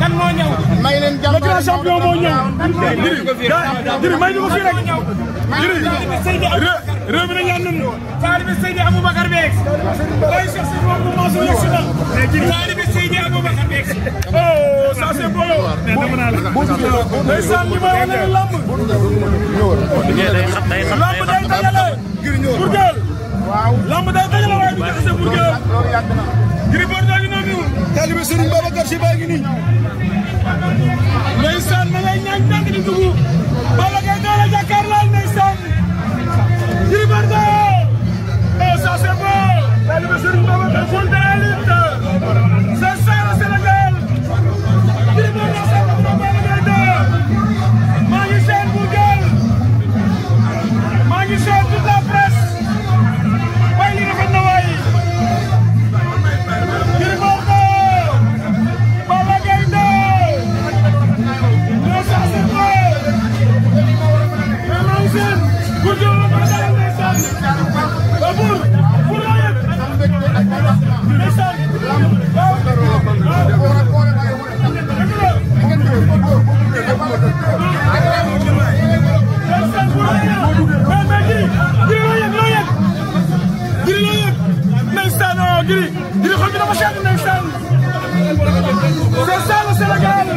kan moo ñëw. may leen jàmbaar le grand champion moo ñëw. jërëjëf may ñu ko fii rek. jërëjëf réew mi nañu àndoon. taalibe Seydi Aboubacar beeg. looy sox si moom bu Mansour yegsi na. taalibe Seydi Aboubacar beeg. oh ça c'est beau. mais dama naa la. ndeysaan li may wane lamb. dama seetlu ndeysaan c'est ça le Sénégal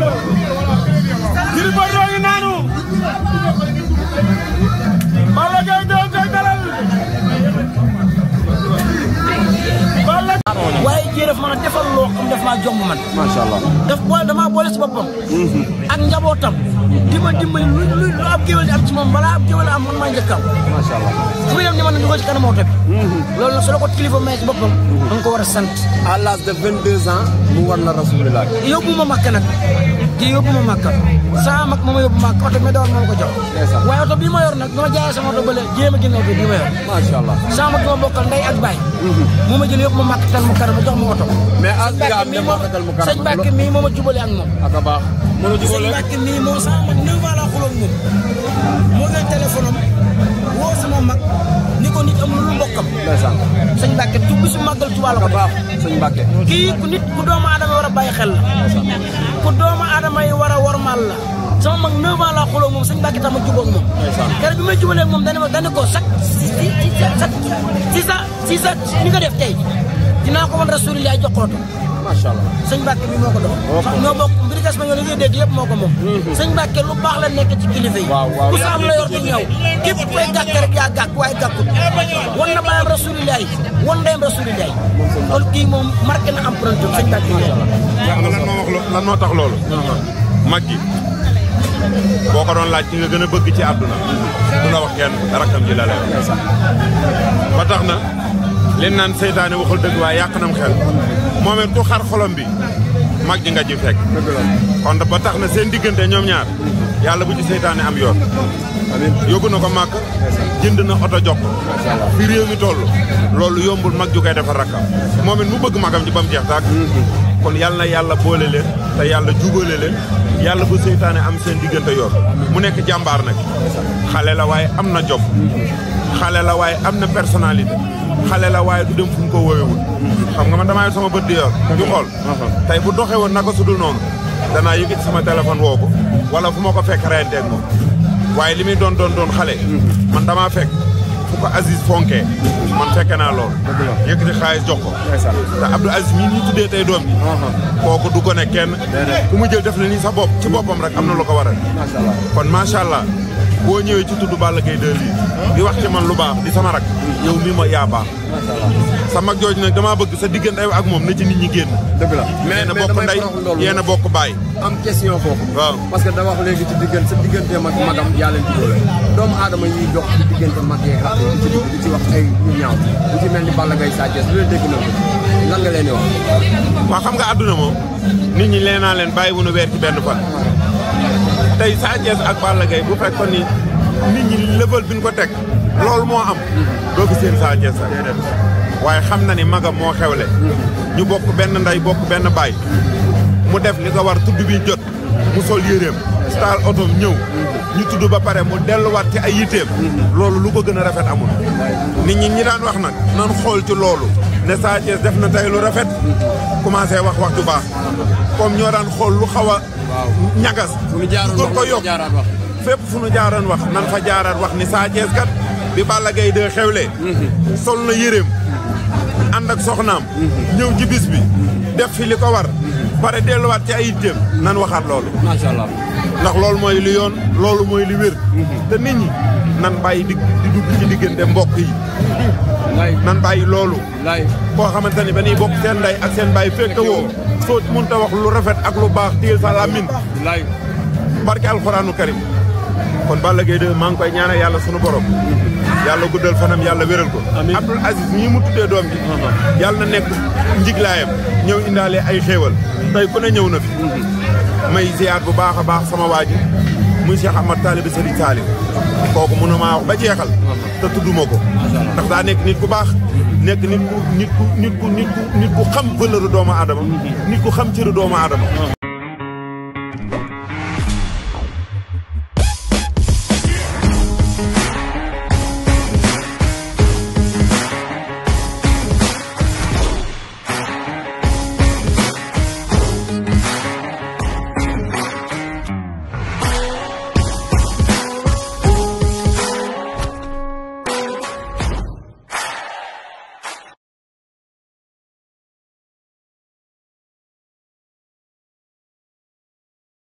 Gris Bordeaux yi naanu Balla Gaye doon koy dalal Balla waaye kii daf maa defal loo xam daf maa jomb man macha allah daf boole damaa boole si boppam mhm. ak njabootam dima dimbali lu lu lu ab géwél di am ci moom balaa ab géwél am man maa njëkk am. macha allah fu muy dem ni man na dugal ci kanam oto bi. Mm-hmm. loolu nag su la ko kilifa may ci boppam. Mm-hmm. da nga ko war a a mm-hmm. mii moo jubale ak moom. ak a baax. a jubale sëñ Mbàkke ans man neuf ans moom moo jël téléphone am woo sama mag ni ko nit amul lu mbokkam. ndeysaan sëñ Mbàkke tu bi su màggal Tuubaa la ko baax sëñ Mbàkke kii ku nit ku doomu aadama war a bàyyi xel la ku doomu aadama yi war a wormaal la sama mag neuf ans laa xuloon moom sëñ Mbàkke tax ma jubóog moom keroog bi may jubalee moom dana ma dana ko sax si sa si sa ni nga def tey dinaa ko wan rasulilah jox ko macha allah sëñ Mbàkke bi moo ko doon ñoo bokk mbiri gas ma ñoo li ngay dégg yëpp moo ko moom mm-hmm. sëñ Mbàkke lu baax la nekk ci kilifa yi ku sa am la yor di ñëw képp koy gàkk rek yaa gàkk waaye gàkkut wan na baayam rasulilaay wan ndeyam rasulilaay kon kii moom marqué na empreinte sëñ moo wax lan moo tax mag gi boo ko doon laaj ci nga gën a bëgg ci àdduna mm-hmm. du la wax kenn rakkam ji la ba tax na leen naan seytaane waxul dëgg waaye yàq nam xel moom it ku xar xolom bi mag ji nga ji fekk kon ba tax na seen diggante ñoom ñaar yàlla bu ci seytaane am yoon yóbbu na ko màkk jënd na oto jox fi réew loolu yombul mag ju koy defar rakkam moom it mu bëgg magam ji ba mu jeex taak kon yàlla na yàlla boole leen yàlla jubale leen yàlla bu seytaane am seen diggante yoon mu nekk jàmbaar nag xale la waaye am na jom xale la waaye am na personnalité xale la waaye du dem fu mu ko woyewul xam nga man damaa sama bët di yor di xool tey bu doxee woon naka su dul noonu danaa yëkkati sama téléphone woo ko wala fu ma ko fekk reyanteeg moom waaye li muy doon doon doon xale man damaa fekk fu ko Aziz fonkee man fekke naa lool yëkkati xaalis jox ko te Abdou Aziz mii ñu tuddee tey doom bi uh-huh. kooku du ko ne kenn ku mu jël def na nii sa bopp ci boppam rek am na lu ko waral kon macha allah boo ñëwee ci tudd Balla Gaye 2 bi di wax ci man lu baax di sama rak yow mii ma yaa baax sa mag jooju nag damaa bëgg sa diggante ak moom na ci nit ñi génn dëgg la yéen a bokk ndey yéen a bokk baay am foofu parce que da wax léegi ci diggante sa mag magam yaa leen diggóole doomu aadama yiy dox ci diggante mag yeeg rak di mel ni Balla Gaye Sa Thiès lu leen dégg na ko lan nga leen xam nga àdduna moom nit ñi lee naa leen bàyyi wunu weer ci benn fan tey Sa ak Balla Gaye bu fekkoon ni nit ñi ñu ko teg loolu moo am doo gis seen Sa sax waaye xam na ni magam moo xewle ñu bokk benn ndey bokk benn baay mu def li ko war tudd bi jot mu sol yéreem taal oto ñëw ñu tudd ba pare mu delluwaat ci ay yiteem loolu lu ko gën a rafet amul nit ñi ñi daan wax nag nan xool ci loolu ne Sa Thiès def na tey lu rafet. commencé wax wax ju baax. comme ñoo daan xool lu xaw a. ñagas. fu ñu ko yokk fépp fu ñu jaaroon wax. nan fa jaaraat wax ni Sa Thiès kat. bi Balla Gaye de xewlee. Mhm. sol na yéreem. ànd ak soxnaam. Mhm. ñëw ci bis bi. Mhm. def fi li ko war. pare delluwaat ci ay itteem. nan waxaat loolu. macha ndax loolu mooy li loolu mooy li wér. te nit ñi nan bàyyi di di dugg ci diggante mbokk yi. nan bàyyi loolu koo xamante ni ba nuy bokk seen ndey ak seen bàyyi fekke woo soo mënta wax lu rafet ak lu baax téyel sa làmmiñ barke alxuraanu karim kon Balla Gaye 2 maa ngi koy ñaanal yàlla sunu borom yàlla guddal fanam yàlla wéral ko Abdoul Aziz ñi mu tuddee doom bi uh-huh. yàlla na nekk njiglaayam ñëw indaale ay xéewal tey ku ne ñëw na fi mm-hmm. may ziyaar bu baax a baax sama waa ji muy Cheikh Ahmad taalibi Serigne Salim kooku mën na maa wax ba jeexal te tudduma ko ndax daa nekk nit ku baax nekk nit ku nit ku nit ku nit ku nit ku xam valeur doomu aadama nit ku xam cëru doomu aadama